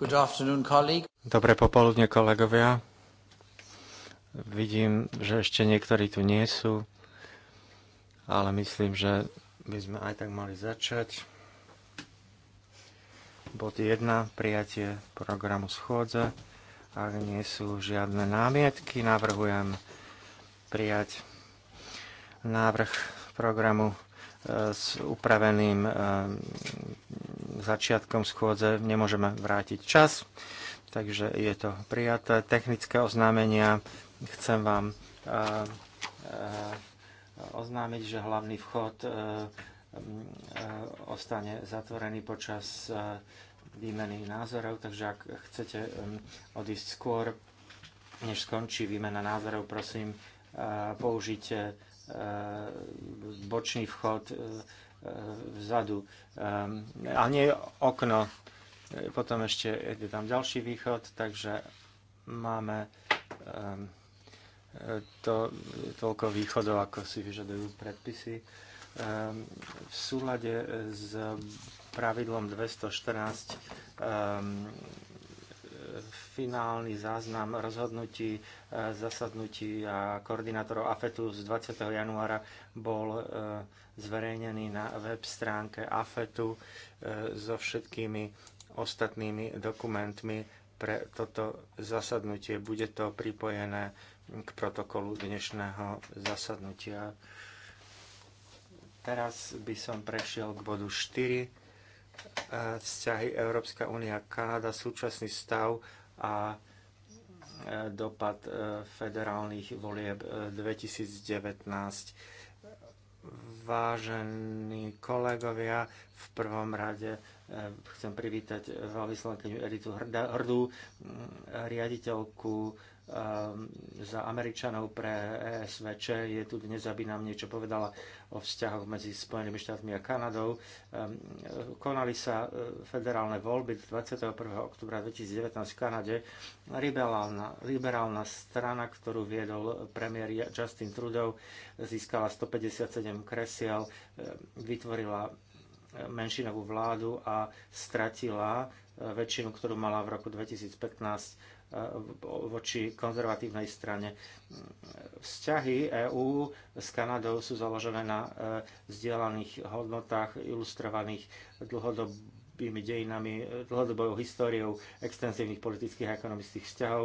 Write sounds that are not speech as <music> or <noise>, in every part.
Dobré popoludne, kolegovia. Vidím, že ešte niektorí tu nie sú, ale myslím, že by sme aj tak mali začať. Bod 1. Prijatie programu schôdze. Ak nie sú žiadne námietky, navrhujem prijať návrh programu e, s upraveným e, začiatkom schôdze nemôžeme vrátiť čas, takže je to prijaté. Technické oznámenia chcem vám e, e, oznámiť, že hlavný vchod e, ostane zatvorený počas výmeny názorov, takže ak chcete odísť skôr, než skončí výmena názorov, prosím, použite bočný vchod vzadu. Ehm, a nie okno. E, potom ešte je tam ďalší východ, takže máme ehm, e, to, toľko východov, ako si vyžadujú predpisy. Ehm, v súlade s pravidlom 214 finálny záznam rozhodnutí e, zasadnutí a koordinátorov AFETu z 20. januára bol e, zverejnený na web stránke AFETu e, so všetkými ostatnými dokumentmi pre toto zasadnutie. Bude to pripojené k protokolu dnešného zasadnutia. Teraz by som prešiel k bodu 4 vzťahy Európska únia, Kanada, súčasný stav a e, dopad e, federálnych volieb 2019. E, Vážení kolegovia, v prvom rade chcem privítať veľvyslankyňu Editu Hrdú, riaditeľku Ehm, za Američanov pre ESVČ je tu dnes, aby nám niečo povedala o vzťahoch medzi Spojenými štátmi a Kanadou. Ehm, konali sa e, federálne voľby 21. oktobra 2019 v Kanade. Liberálna, liberálna strana, ktorú viedol premiér Justin Trudeau, získala 157 kresiel, ehm, vytvorila e, menšinovú vládu a stratila e, väčšinu, ktorú mala v roku 2015 voči konzervatívnej strane. Vzťahy EÚ s Kanadou sú založené na e, vzdielaných hodnotách, ilustrovaných dlhodobými dejinami, dlhodobou históriou extenzívnych politických a ekonomických vzťahov.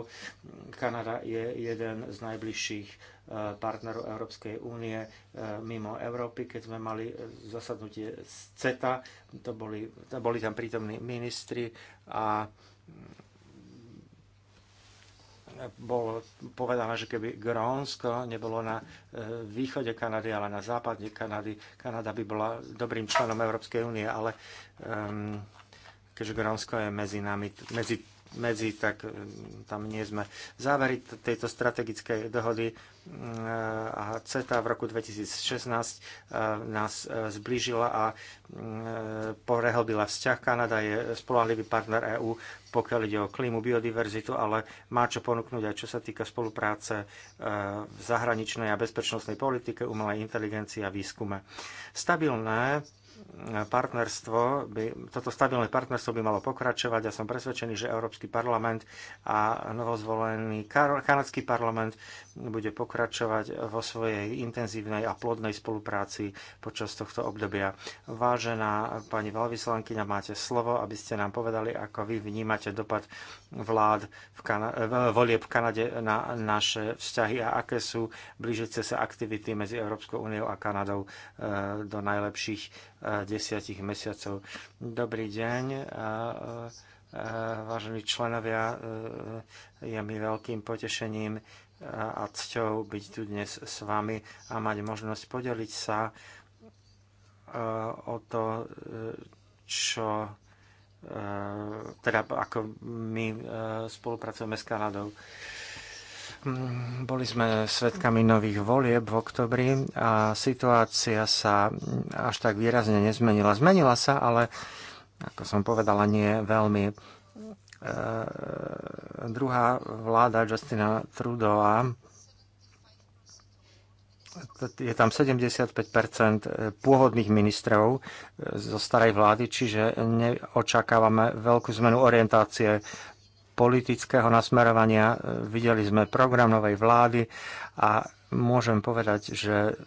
Kanada je jeden z najbližších e, partnerov Európskej únie e, mimo Európy. Keď sme mali zasadnutie z CETA, to boli, to boli tam prítomní ministri a bolo povedané, že keby Grónsko nebolo na e, východe Kanady, ale na západe Kanady, Kanada by bola dobrým členom Európskej únie, ale um, keďže Grónsko je medzi, nami, medzi medzi, tak e, tam nie sme. Závery tejto strategickej dohody e, a CETA v roku 2016 e, nás zblížila a porehlbila vzťah. Kanada je spolahlivý partner EÚ, pokiaľ ide o klímu, biodiverzitu, ale má čo ponúknuť aj čo sa týka spolupráce v zahraničnej a bezpečnostnej politike, umelej inteligencii a výskume. Stabilné partnerstvo by, toto stabilné partnerstvo by malo pokračovať a ja som presvedčený, že Európsky parlament a novozvolený kanadský parlament bude pokračovať vo svojej intenzívnej a plodnej spolupráci počas tohto obdobia. Vážená pani veľvyslankyňa, máte slovo, aby ste nám povedali, ako vy vnímate dopad vlád v Kana- volieb v Kanade na naše vzťahy a aké sú blížiace sa aktivity medzi Európskou úniou a Kanadou eh, do najlepších eh, desiatich mesiacov. Dobrý deň. A, vážení členovia, e, je mi veľkým potešením a cťou byť tu dnes s vami a mať možnosť podeliť sa e, o to, e, čo teda ako my spolupracujeme s Kanadou. Mm, boli sme svetkami nových volieb v oktobri a situácia sa až tak výrazne nezmenila. Zmenila sa, ale ako som povedala, nie veľmi. E, druhá vláda Justina Trudova je tam 75 e, pôvodných ministrov e, zo starej vlády, čiže neočakávame veľkú zmenu orientácie politického nasmerovania. E, videli sme program novej vlády a môžem povedať, že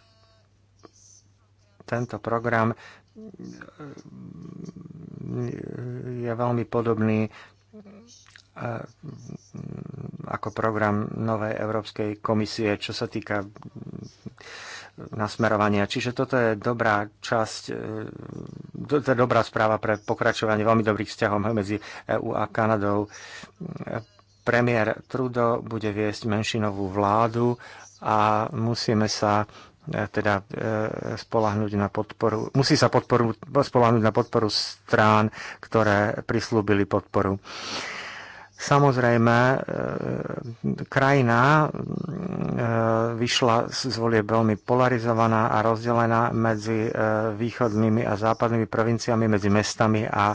tento program e, je veľmi podobný e, ako program Novej Európskej komisie, čo sa týka nasmerovania. Čiže toto je dobrá časť, e, to je dobrá správa pre pokračovanie veľmi dobrých vzťahov medzi EU a Kanadou. Premiér Trudeau bude viesť menšinovú vládu a musíme sa e, teda e, spolahnuť na podporu, musí sa podporu, spolahnuť na podporu strán, ktoré prislúbili podporu. Samozrejme, e, krajina e, vyšla z volie veľmi polarizovaná a rozdelená medzi e, východnými a západnými provinciami, medzi mestami a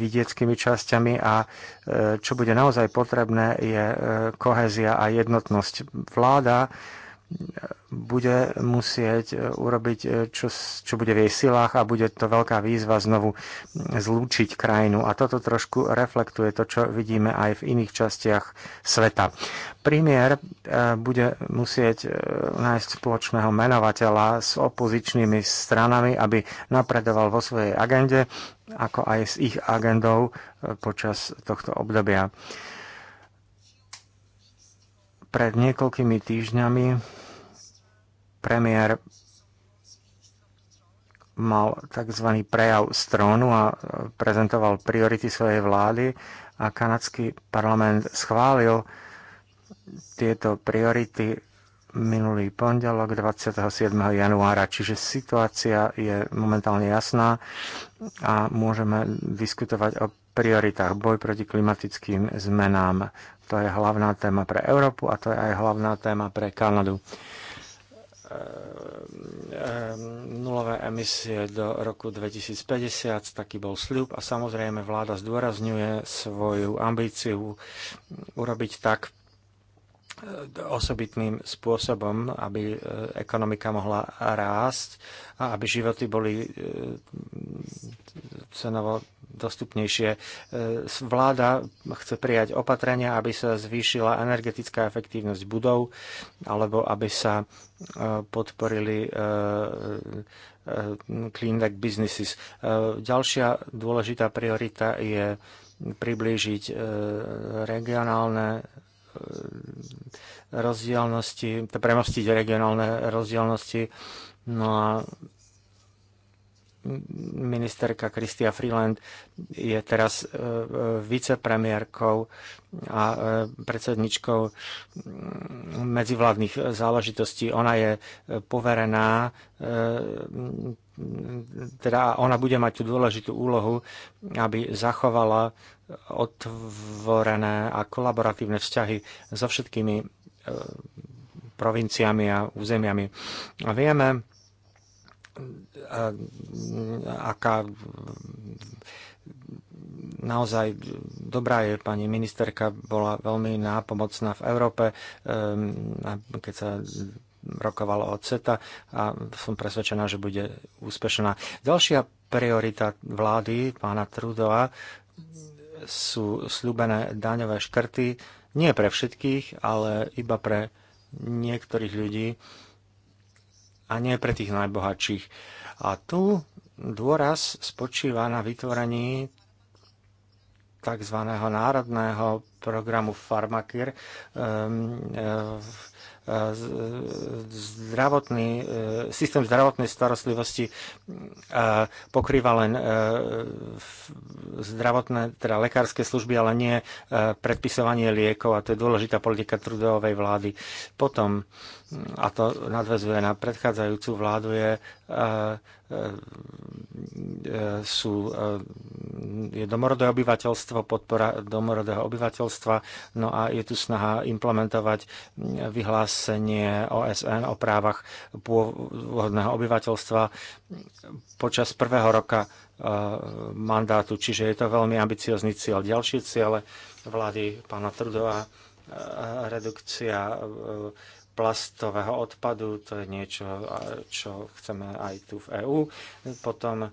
vidieckými časťami a čo bude naozaj potrebné je kohézia a jednotnosť. Vláda bude musieť e, urobiť, e, čo, čo bude v jej silách a bude to veľká výzva znovu mm, zlúčiť krajinu. A toto trošku reflektuje to, čo vidíme aj v iných častiach sveta. Premiér e, bude musieť nájsť spoločného menovateľa s opozičnými stranami, aby napredoval vo svojej agende, ako aj s ich agendou počas tohto obdobia. Pred niekoľkými týždňami premiér mal tzv. prejav strónu a prezentoval priority svojej vlády a kanadský parlament schválil tieto priority minulý pondelok 27. januára. Čiže situácia je momentálne jasná a môžeme diskutovať o prioritách. Boj proti klimatickým zmenám. To je hlavná téma pre Európu a to je aj hlavná téma pre Kanadu. Ehm, ehm, nulové emisie do roku 2050, taký bol sľub a samozrejme vláda zdôrazňuje svoju ambíciu urobiť tak e, osobitným spôsobom, aby e, ekonomika mohla rásť a aby životy boli e, cenovo dostupnejšie. E, vláda chce prijať opatrenia, aby sa zvýšila energetická efektívnosť budov alebo aby sa e, podporili e, clean tech businesses. Ďalšia dôležitá priorita je priblížiť regionálne rozdielnosti, premostiť regionálne rozdielnosti. No a ministerka Kristia Freeland je teraz e, e, vicepremiérkou a e, predsedničkou mm, medzivládnych záležitostí. Ona je poverená, mm, teda ona bude mať tú dôležitú úlohu, aby zachovala otvorené a kolaboratívne vzťahy so všetkými provinciami a územiami. A vieme, aká naozaj dobrá je pani ministerka, bola veľmi nápomocná v Európe, ehm, keď sa rokovalo od CETA a som presvedčená, že bude úspešná. Ďalšia priorita vlády pána Trudova sú slúbené daňové škrty, nie pre všetkých, ale iba pre niektorých ľudí a nie pre tých najbohatších. A tu dôraz spočíva na vytvorení tzv. národného programu Farmakir, zdravotný, e, systém zdravotnej starostlivosti e, pokrýva len e, zdravotné, teda lekárske služby, ale nie predpisovanie liekov a to je dôležitá politika trudovej vlády. Potom, a to nadvezuje na predchádzajúcu vládu, je E, sú, e, je domorodé obyvateľstvo, podpora domorodého obyvateľstva, no a je tu snaha implementovať vyhlásenie OSN o právach pôvodného obyvateľstva počas prvého roka e, mandátu, čiže je to veľmi ambiciozný cieľ. Ďalšie ciele vlády pána trudová redukcia plastového odpadu, to je niečo, čo chceme aj tu v EÚ. Potom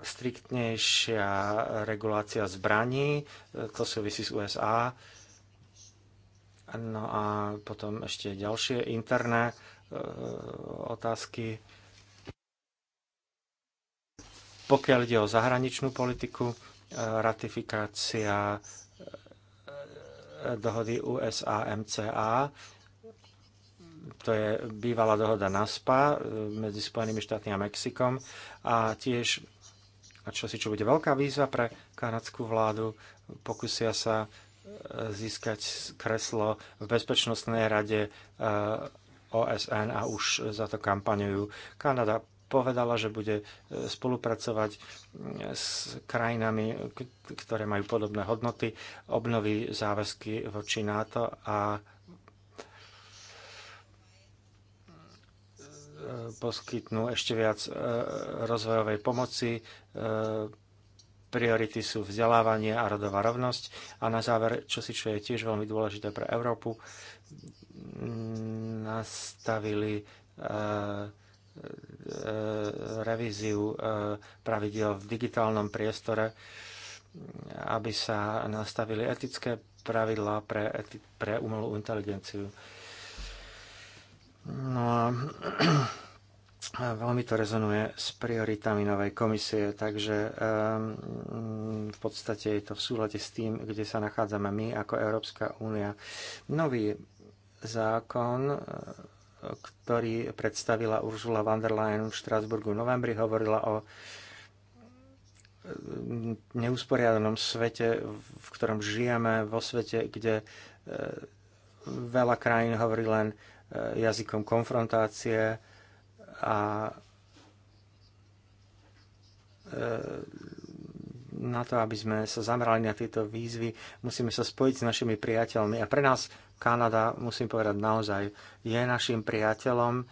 striktnejšia regulácia zbraní, to súvisí s USA. No a potom ešte ďalšie interné e, otázky. Pokiaľ ide o zahraničnú politiku, e, ratifikácia dohody USA-MCA, to je bývalá dohoda NASPA e, medzi Spojenými štátmi a Mexikom a tiež a čo si čo bude veľká výzva pre kanadskú vládu, pokusia sa e, získať kreslo v Bezpečnostnej rade e, OSN a už za to kampaňujú. Kanada povedala, že bude e, spolupracovať e, s krajinami, ktoré majú podobné hodnoty, obnoví záväzky voči NATO a e, poskytnú ešte viac rozvojovej pomoci. Priority sú vzdelávanie a rodová rovnosť. A na záver, čo si čo je tiež veľmi dôležité pre Európu, nastavili uh, E, revíziu e, pravidel v digitálnom priestore, aby sa nastavili etické pravidlá pre, eti- pre umelú inteligenciu. No a <clears throat> veľmi to rezonuje s prioritami novej komisie, takže um, v podstate je to v súlade s tým, kde sa nachádzame my ako Európska únia. Nový zákon ktorý predstavila Ursula von der Leyen v Štrásburgu v novembri, hovorila o mm, neusporiadanom svete, v ktorom žijeme, vo svete, kde e, veľa krajín hovorí len e, jazykom konfrontácie a e, na to, aby sme sa zamerali na tieto výzvy, musíme sa spojiť s našimi priateľmi. A pre nás Kanada, musím povedať naozaj, je našim priateľom.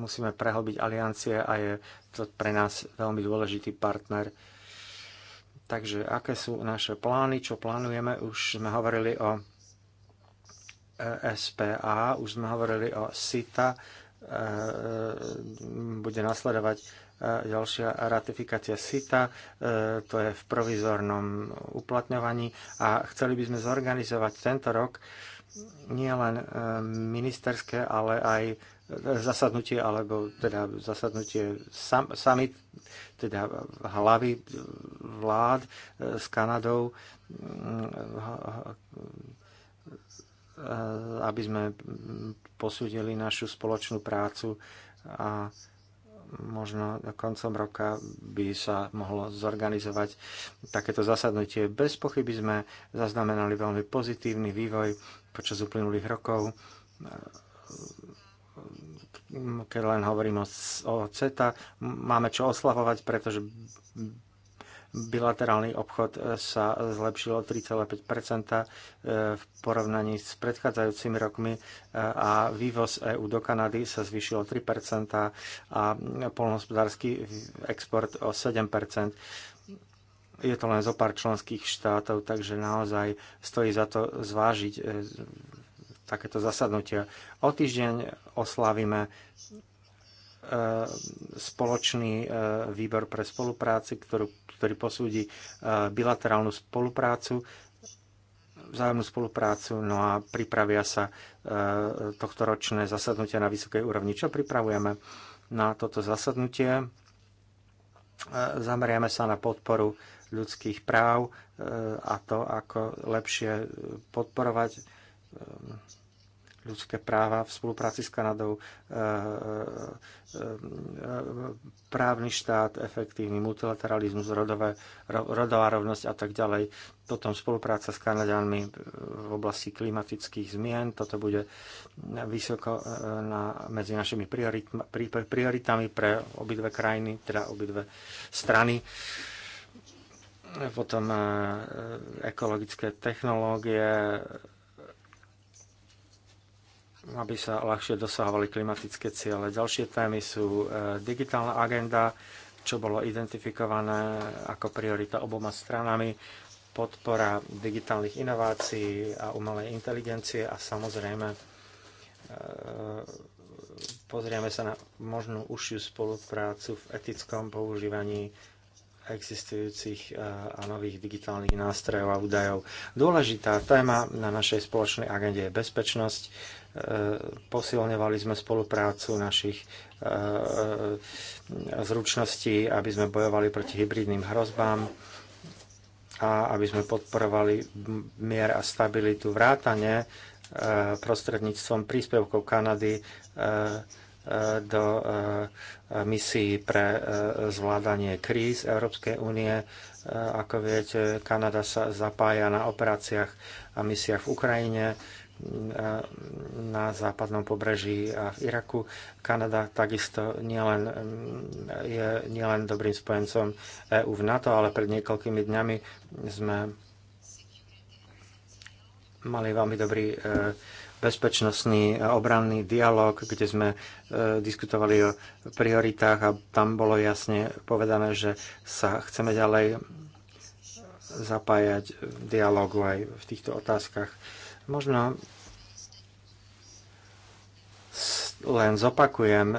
Musíme prehobiť aliancie a je to pre nás veľmi dôležitý partner. Takže aké sú naše plány, čo plánujeme? Už sme hovorili o e SPA, už sme hovorili o SITA, Eh, bude nasledovať eh, ďalšia ratifikácia SITA, eh, to je v provizornom uplatňovaní a chceli by sme zorganizovať tento rok nie len ministerské, ale aj zasadnutie, alebo teda zasadnutie sam, summit, teda hlavy vlád s Kanadou, mm, aby sme posúdili našu spoločnú prácu a možno koncom roka by sa mohlo zorganizovať takéto zasadnutie. Bez pochyby sme zaznamenali veľmi pozitívny vývoj počas uplynulých rokov. Keď len hovorím o CETA, máme čo oslavovať, pretože Bilaterálny obchod e, sa e, zlepšil o 3,5 e, v porovnaní s predchádzajúcimi rokmi a vývoz EÚ do Kanady sa zvýšil o 3 a polnohospodársky export o 7 je to len zo pár členských štátov, takže naozaj stojí za to zvážiť takéto zasadnutia. O týždeň oslavíme E, spoločný e, výbor pre spolupráci, ktorú, ktorý posúdi e, bilaterálnu spoluprácu, vzájomnú spoluprácu, no a pripravia sa tohto ročné zasadnutia na vysokej úrovni. Čo pripravujeme na toto zasadnutie? Zameriame sa na podporu ľudských práv a to, ako lepšie podporovať ľudské práva v spolupráci s Kanadou, e, e, e, právny štát, efektívny multilateralizmus, rodové, rodová rovnosť a tak ďalej. Potom spolupráca s Kanadianmi v oblasti klimatických zmien. Toto bude vysoko na, medzi našimi prioritami pre obidve krajiny, teda obidve strany potom ekologické technológie, aby sa ľahšie dosahovali klimatické ciele. Ďalšie témy sú e, digitálna agenda, čo bolo identifikované ako priorita oboma stranami, podpora digitálnych inovácií a umelej inteligencie a samozrejme e, pozrieme sa na možnú užšiu spoluprácu v etickom používaní existujúcich e, a nových digitálnych nástrojov a údajov. Dôležitá téma na našej spoločnej agende je bezpečnosť. E, posilňovali sme spoluprácu našich e, e, zručností, aby sme bojovali proti hybridným hrozbám a aby sme podporovali mier a stabilitu vrátane prostredníctvom príspevkov Kanady do misií pre zvládanie kríz Európskej únie. Ako viete, Kanada sa zapája na operáciách a misiách v Ukrajine na západnom pobreží a v Iraku. Kanada takisto nielen, mm, je nielen dobrým spojencom EÚ v NATO, ale pred niekoľkými dňami sme mali veľmi dobrý e, bezpečnostný a obranný dialog, kde sme e, diskutovali o prioritách a tam bolo jasne povedané, že sa chceme ďalej zapájať v dialogu aj v týchto otázkach. Možno len zopakujem, e,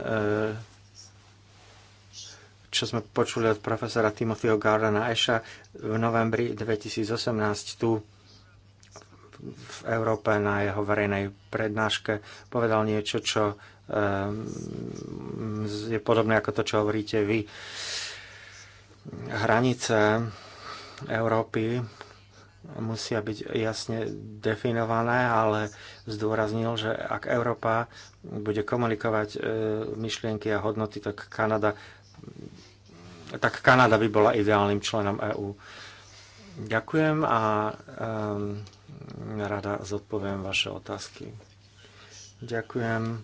čo sme počuli od profesora Timothyho Gardana Eša v novembri 2018 tu v Európe na jeho verejnej prednáške povedal niečo, čo e, je podobné ako to, čo hovoríte vy. Hranice Európy musia byť jasne definované, ale zdôraznil, že ak Európa bude komunikovať e, myšlienky a hodnoty, tak Kanada, tak Kanada by bola ideálnym členom EÚ. Ďakujem a um, rada zodpoviem vaše otázky. Ďakujem.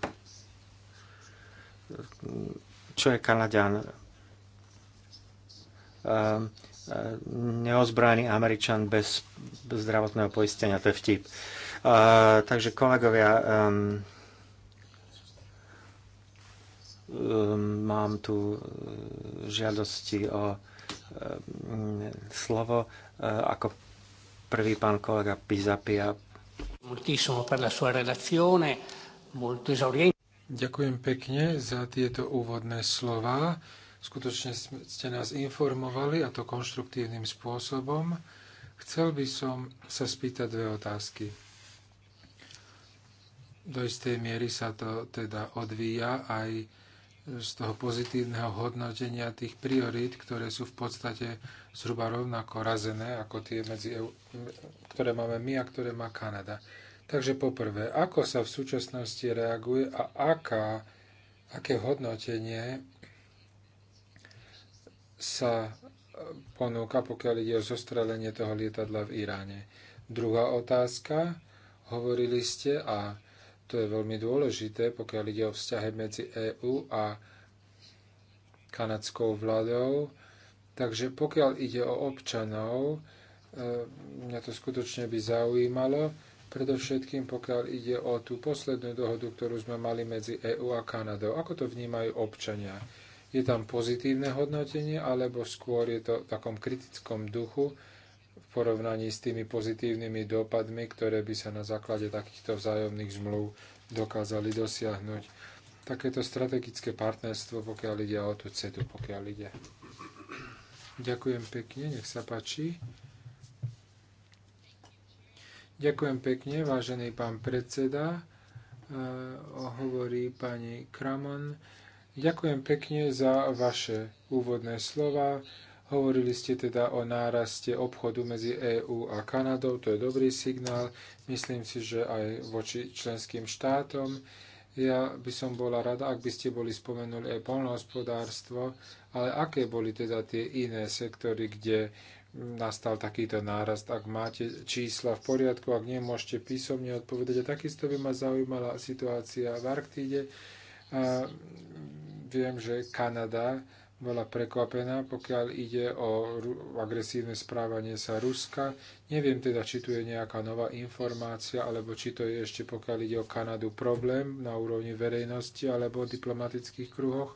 Čo je Kanadian? Um, neozbrojený Američan bez zdravotného poistenia, to je vtip. Uh, takže kolegovia, um, um, mám tu žiadosti o um, slovo uh, ako prvý pán kolega Pizapia. Ďakujem pekne za tieto úvodné slova Skutočne ste nás informovali a to konštruktívnym spôsobom. Chcel by som sa spýtať dve otázky. Do istej miery sa to teda odvíja aj z toho pozitívneho hodnotenia tých priorít, ktoré sú v podstate zhruba rovnako razené ako tie, medzi, ktoré máme my a ktoré má Kanada. Takže poprvé, ako sa v súčasnosti reaguje a aká, aké hodnotenie sa e, ponúka, pokiaľ ide o zostrelenie toho lietadla v Iráne. Druhá otázka, hovorili ste, a to je veľmi dôležité, pokiaľ ide o vzťahy medzi EÚ a kanadskou vládou. Takže pokiaľ ide o občanov, e, mňa to skutočne by zaujímalo, predovšetkým pokiaľ ide o tú poslednú dohodu, ktorú sme mali medzi EÚ a Kanadou. Ako to vnímajú občania? Je tam pozitívne hodnotenie, alebo skôr je to v takom kritickom duchu v porovnaní s tými pozitívnymi dopadmi, ktoré by sa na základe takýchto vzájomných zmluv dokázali dosiahnuť. Takéto strategické partnerstvo, pokiaľ ide o tú cedu, pokiaľ ide. Ďakujem pekne, nech sa páči. Ďakujem pekne, vážený pán predseda, eh, hovorí pani Kramon. Ďakujem pekne za vaše úvodné slova. Hovorili ste teda o náraste obchodu medzi EÚ a Kanadou, to je dobrý signál. Myslím si, že aj voči členským štátom. Ja by som bola rada, ak by ste boli spomenuli aj polnohospodárstvo, ale aké boli teda tie iné sektory, kde nastal takýto nárast. Ak máte čísla v poriadku, ak nemôžete písomne odpovedať. A takisto by ma zaujímala situácia v Arktíde Viem, že Kanada bola prekvapená, pokiaľ ide o agresívne správanie sa Ruska. Neviem teda, či tu je nejaká nová informácia, alebo či to je ešte, pokiaľ ide o Kanadu, problém na úrovni verejnosti alebo diplomatických kruhoch.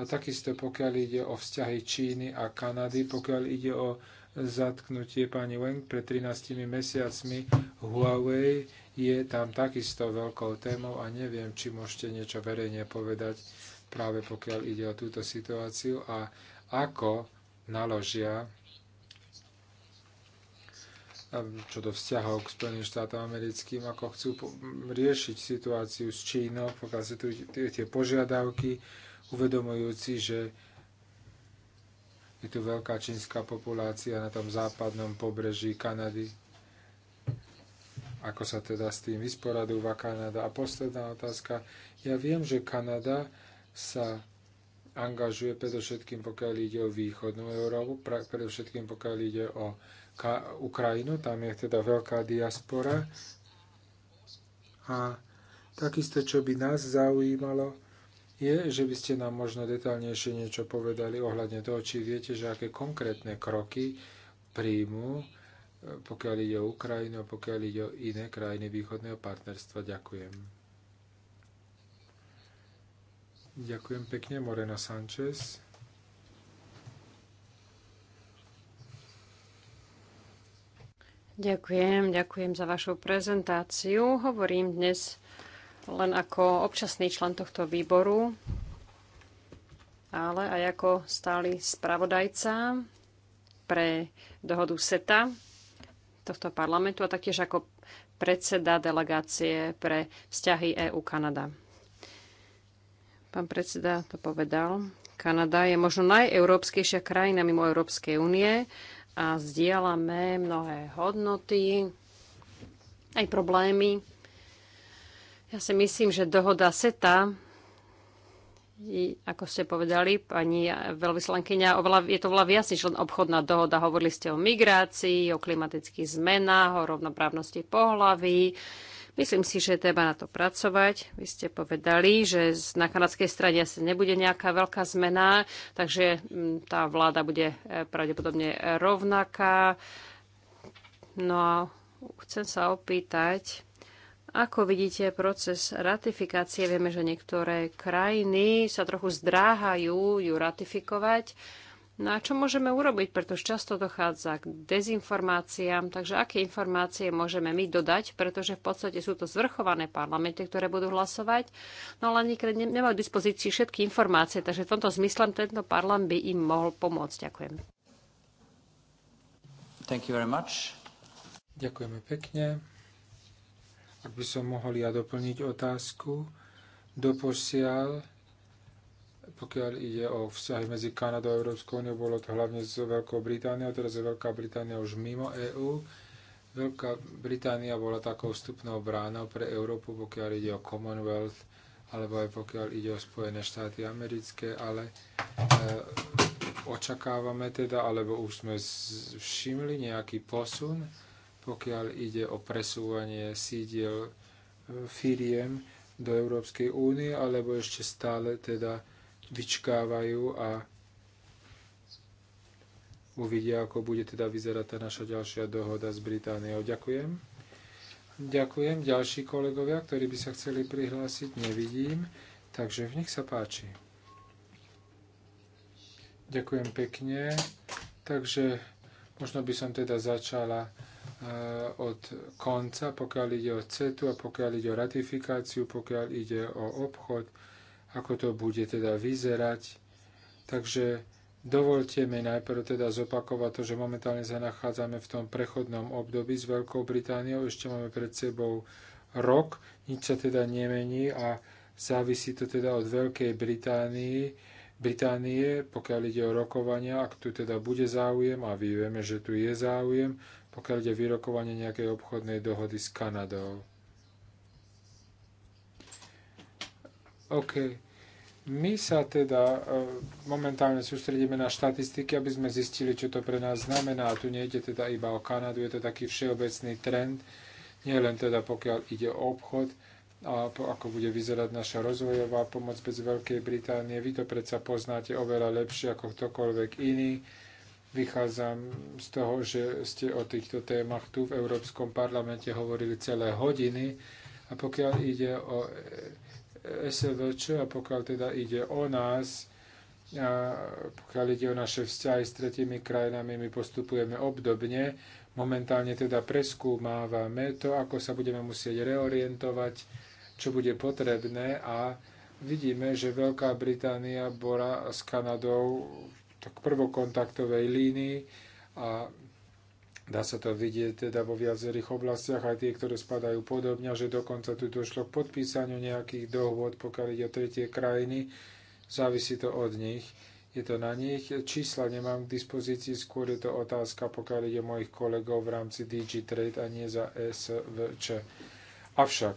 A takisto, pokiaľ ide o vzťahy Číny a Kanady, pokiaľ ide o zatknutie pani Weng pred 13 mesiacmi Huawei, je tam takisto veľkou témou a neviem, či môžete niečo verejne povedať práve pokiaľ ide o túto situáciu a ako naložia ehm, čo do vzťahov k Spojeným štátom americkým, ako chcú riešiť situáciu s Čínou, pokiaľ sa tu tie požiadavky, uvedomujúci, že je tu veľká čínska populácia na tom západnom pobreží Kanady ako sa teda s tým vysporadúva Kanada. A posledná otázka. Ja viem, že Kanada sa angažuje predovšetkým, pokiaľ ide o východnú Európu, predovšetkým, pokiaľ ide o Ka Ukrajinu, tam je teda veľká diaspora. A takisto, čo by nás zaujímalo, je, že by ste nám možno detaľnejšie niečo povedali ohľadne toho, či viete, že aké konkrétne kroky príjmu pokiaľ ide o Ukrajinu a pokiaľ ide o iné krajiny východného partnerstva. Ďakujem. Ďakujem pekne, Morena Sanchez. Ďakujem, ďakujem za vašu prezentáciu. Hovorím dnes len ako občasný člen tohto výboru, ale aj ako stály spravodajca pre dohodu SETA tohto parlamentu a taktiež ako predseda delegácie pre vzťahy EU-Kanada. Pán predseda to povedal. Kanada je možno najeurópskejšia krajina mimo Európskej únie a zdieľame mnohé hodnoty, aj problémy. Ja si myslím, že dohoda SETA ako ste povedali, pani veľvyslankyňa, je to veľa viac než len obchodná dohoda. Hovorili ste o migrácii, o klimatických zmenách, o rovnoprávnosti pohlaví. Myslím si, že treba na to pracovať. Vy ste povedali, že na kanadskej strane asi nebude nejaká veľká zmena, takže mm, tá vláda bude e, pravdepodobne rovnaká. No a chcem sa opýtať, ako vidíte proces ratifikácie? Vieme, že niektoré krajiny sa trochu zdráhajú ju ratifikovať. No a čo môžeme urobiť, pretože často dochádza k dezinformáciám, takže aké informácie môžeme my dodať, pretože v podstate sú to zvrchované parlamenty, ktoré budú hlasovať, no ale nikdy nemajú k dispozícii všetky informácie, takže v tomto zmysle tento parlament by im mohol pomôcť. Ďakujem. Thank you very much. Ďakujeme pekne. Ak by som mohol ja doplniť otázku, doposiaľ, pokiaľ ide o vzťahy medzi Kanadou a Európskou úniou, bolo to hlavne z Veľkou Britániou, teraz je Veľká Británia už mimo EÚ. Veľká Británia bola takou vstupnou bránou pre Európu, pokiaľ ide o Commonwealth, alebo aj pokiaľ ide o Spojené štáty americké, ale e, očakávame teda, alebo už sme všimli nejaký posun pokiaľ ide o presúvanie sídiel e, firiem do Európskej únie, alebo ešte stále teda vyčkávajú a uvidia, ako bude teda vyzerať tá naša ďalšia dohoda s Britániou. Ďakujem. Ďakujem. Ďalší kolegovia, ktorí by sa chceli prihlásiť, nevidím. Takže v nich sa páči. Ďakujem pekne. Takže možno by som teda začala Eh, od konca, pokiaľ ide o CETU a pokiaľ ide o ratifikáciu, pokiaľ ide o obchod, ako to bude teda vyzerať. Takže dovolte mi najprv teda zopakovať to, že momentálne sa nachádzame v tom prechodnom období s Veľkou Britániou. Ešte máme pred sebou rok, nič sa teda nemení a závisí to teda od Veľkej Británii, Británie, pokiaľ ide o rokovania, ak tu teda bude záujem a my vieme, že tu je záujem, pokiaľ ide vyrokovanie nejakej obchodnej dohody s Kanadou. OK. My sa teda e, momentálne sústredíme na štatistiky, aby sme zistili, čo to pre nás znamená. A tu nejde teda iba o Kanadu, je to taký všeobecný trend, nie len teda pokiaľ ide o obchod a ako bude vyzerať naša rozvojová pomoc bez Veľkej Británie. Vy to predsa poznáte oveľa lepšie ako ktokoľvek iný. Vychádzam z toho, že ste o týchto témach tu v Európskom parlamente hovorili celé hodiny a pokiaľ ide o SVČ a pokiaľ teda ide o nás, a pokiaľ ide o naše vzťahy s tretimi krajinami, my postupujeme obdobne. Momentálne teda preskúmávame to, ako sa budeme musieť reorientovať, čo bude potrebné a vidíme, že Veľká Británia bola s Kanadou v tak prvokontaktovej línii a dá sa to vidieť teda vo viacerých oblastiach, aj tie, ktoré spadajú podobne, že dokonca tu došlo k podpísaniu nejakých dohôd, pokiaľ ide o tretie krajiny, závisí to od nich je to na nich. Čísla nemám k dispozícii, skôr je to otázka, pokiaľ ide mojich kolegov v rámci DigiTrade a nie za SVČ. Avšak,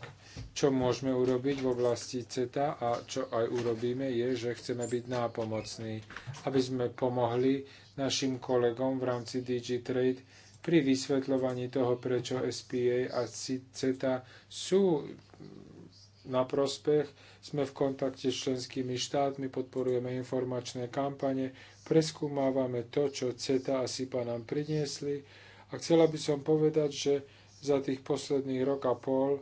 čo môžeme urobiť v oblasti CETA a čo aj urobíme, je, že chceme byť nápomocní, aby sme pomohli našim kolegom v rámci DG Trade pri vysvetľovaní toho, prečo SPA a CETA sú na prospech. Sme v kontakte s členskými štátmi, podporujeme informačné kampane, preskúmávame to, čo CETA a SIPA nám priniesli. A chcela by som povedať, že za tých posledných rok a pol e,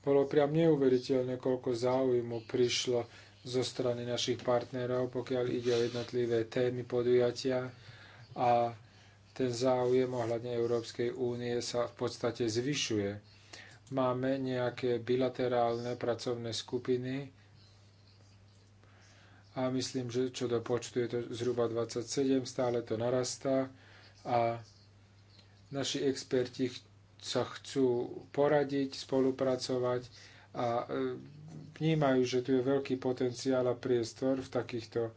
bolo priam neuveriteľné, koľko záujmu prišlo zo strany našich partnerov, pokiaľ ide o jednotlivé témy podujatia a ten záujem ohľadne Európskej únie sa v podstate zvyšuje. Máme nejaké bilaterálne pracovné skupiny a myslím, že čo do počtu je to zhruba 27, stále to narastá a naši experti sa chcú poradiť, spolupracovať a e, vnímajú, že tu je veľký potenciál a priestor v takýchto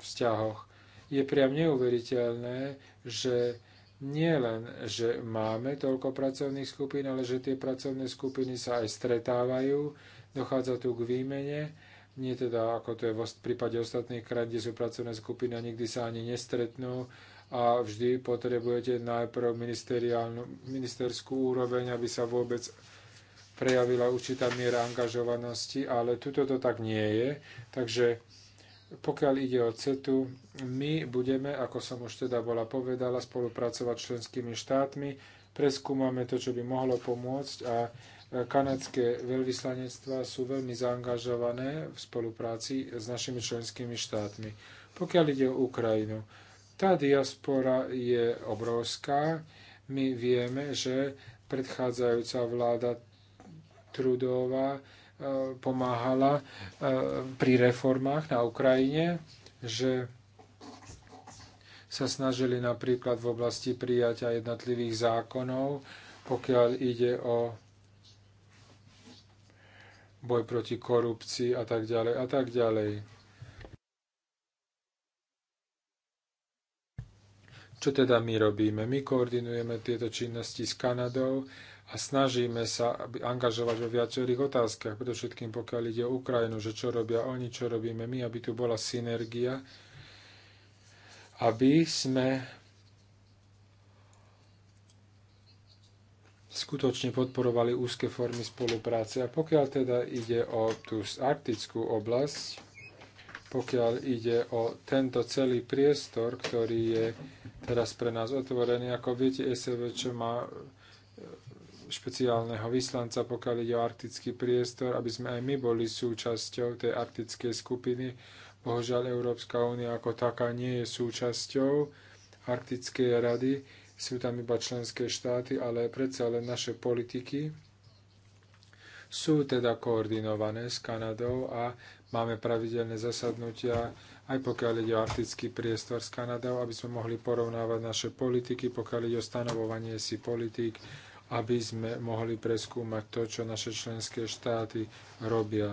vzťahoch. Je priam neuveriteľné, že nie len, že máme toľko pracovných skupín, ale že tie pracovné skupiny sa aj stretávajú, dochádza tu k výmene, nie teda ako to je v prípade ostatných krajín, kde sú pracovné skupiny a nikdy sa ani nestretnú, a vždy potrebujete najprv ministerskú úroveň, aby sa vôbec prejavila určitá miera angažovanosti, ale tuto to tak nie je. Takže pokiaľ ide o CETU, my budeme, ako som už teda bola povedala, spolupracovať s členskými štátmi, preskúmame to, čo by mohlo pomôcť a kanadské veľvyslanectvá sú veľmi zaangažované v spolupráci s našimi členskými štátmi. Pokiaľ ide o Ukrajinu, tá diaspora je obrovská. My vieme, že predchádzajúca vláda Trudová e, pomáhala e, pri reformách na Ukrajine, že sa snažili napríklad v oblasti prijatia jednotlivých zákonov, pokiaľ ide o boj proti korupcii a tak ďalej a tak ďalej. Čo teda my robíme? My koordinujeme tieto činnosti s Kanadou a snažíme sa angažovať vo viacerých otázkach, predovšetkým pokiaľ ide o Ukrajinu, že čo robia oni, čo robíme my, aby tu bola synergia, aby sme skutočne podporovali úzke formy spolupráce. A pokiaľ teda ide o tú arktickú oblasť, pokiaľ ide o tento celý priestor, ktorý je teraz pre nás otvorený. Ako viete, SVČ má e, špeciálneho vyslanca, pokiaľ ide o arktický priestor, aby sme aj my boli súčasťou tej arktickej skupiny. Bohužiaľ, Európska únia ako taká nie je súčasťou Arktickej rady. Sú tam iba členské štáty, ale predsa len naše politiky sú teda koordinované s Kanadou a Máme pravidelné zasadnutia, aj pokiaľ ide o arktický priestor s Kanadou, aby sme mohli porovnávať naše politiky, pokiaľ ide o stanovovanie si politík, aby sme mohli preskúmať to, čo naše členské štáty robia.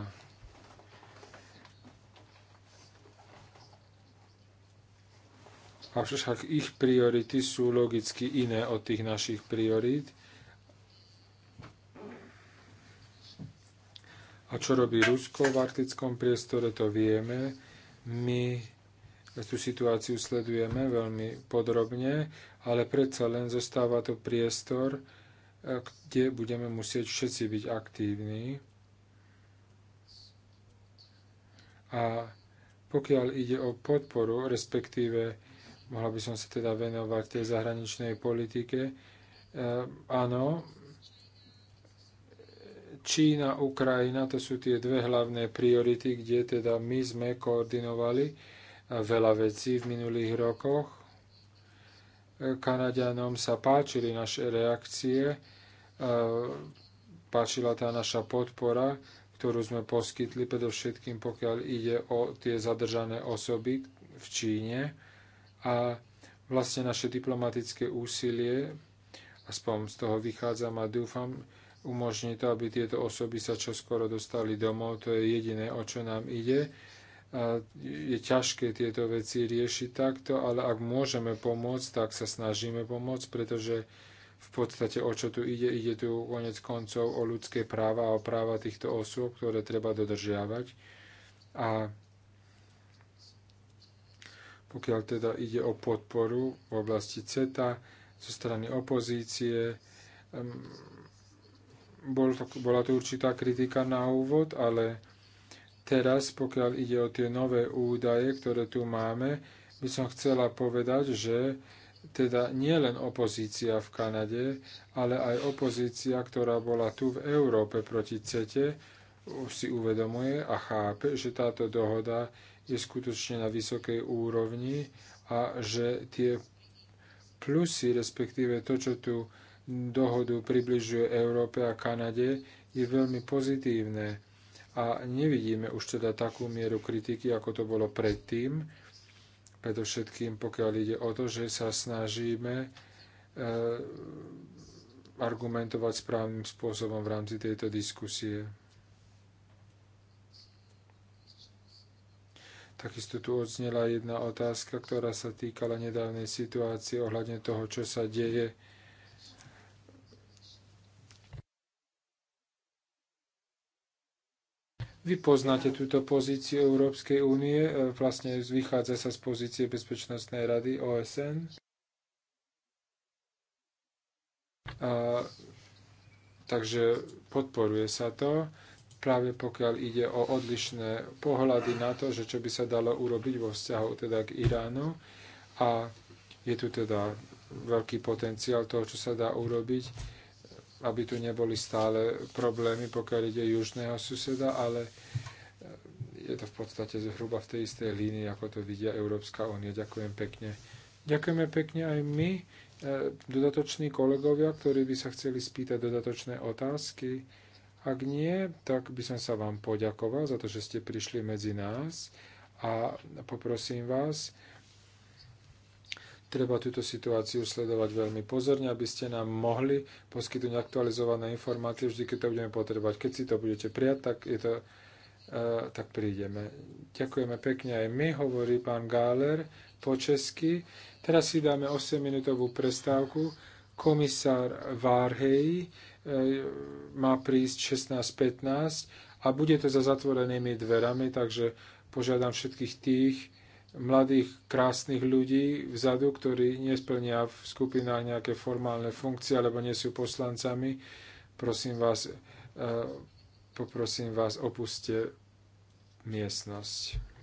Avšak ich priority sú logicky iné od tých našich priorít A čo robí Rusko v arktickom priestore, to vieme. My tú situáciu sledujeme veľmi podrobne, ale predsa len zostáva to priestor, e, kde budeme musieť všetci byť aktívni. A pokiaľ ide o podporu, respektíve mohla by som sa teda venovať tej zahraničnej politike, e, áno, Čína, Ukrajina, to sú tie dve hlavné priority, kde teda my sme koordinovali e, veľa vecí v minulých rokoch. E, Kanadianom sa páčili naše reakcie, e, páčila tá naša podpora, ktorú sme poskytli, predovšetkým pokiaľ ide o tie zadržané osoby v Číne. A vlastne naše diplomatické úsilie, aspoň z toho vychádzam a dúfam, umožní to, aby tieto osoby sa čoskoro dostali domov. To je jediné, o čo nám ide. A je ťažké tieto veci riešiť takto, ale ak môžeme pomôcť, tak sa snažíme pomôcť, pretože v podstate o čo tu ide, ide tu konec koncov o ľudské práva a o práva týchto osôb, ktoré treba dodržiavať. A pokiaľ teda ide o podporu v oblasti CETA zo strany opozície, bol to, bola tu určitá kritika na úvod, ale teraz, pokiaľ ide o tie nové údaje, ktoré tu máme, by som chcela povedať, že teda nie len opozícia v Kanade, ale aj opozícia, ktorá bola tu v Európe proti CETE, si uvedomuje a chápe, že táto dohoda je skutočne na vysokej úrovni a že tie plusy, respektíve to, čo tu dohodu približuje Európe a Kanade, je veľmi pozitívne a nevidíme už teda takú mieru kritiky, ako to bolo predtým, predovšetkým pokiaľ ide o to, že sa snažíme e, argumentovať správnym spôsobom v rámci tejto diskusie. Takisto tu odznela jedna otázka, ktorá sa týkala nedávnej situácie ohľadne toho, čo sa deje Vy poznáte túto pozíciu Európskej únie, e, vlastne vychádza sa z pozície Bezpečnostnej rady OSN. A, takže podporuje sa to, práve pokiaľ ide o odlišné pohľady na to, že čo by sa dalo urobiť vo vzťahu teda k Iránu. A je tu teda veľký potenciál toho, čo sa dá urobiť aby tu neboli stále problémy, pokiaľ ide južného suseda, ale eh, je to v podstate zhruba v tej istej línii, ako to vidia Európska únia. Ďakujem pekne. Ďakujeme pekne aj my, eh, dodatoční kolegovia, ktorí by sa chceli spýtať dodatočné otázky. Ak nie, tak by som sa vám poďakoval za to, že ste prišli medzi nás a poprosím vás, Treba túto situáciu sledovať veľmi pozorne, aby ste nám mohli poskytnúť aktualizované informácie vždy, keď to budeme potrebovať. Keď si to budete prijať, tak, je to, uh, tak prídeme. Ďakujeme pekne aj my, hovorí pán Gáler po česky. Teraz si dáme 8-minútovú prestávku. Komisár Várhej uh, má prísť 16.15 a bude to za zatvorenými dverami, takže požiadam všetkých tých, mladých, krásnych ľudí vzadu, ktorí nesplnia v skupinách nejaké formálne funkcie alebo nie sú poslancami. Prosím vás, eh, poprosím vás, opuste miestnosť.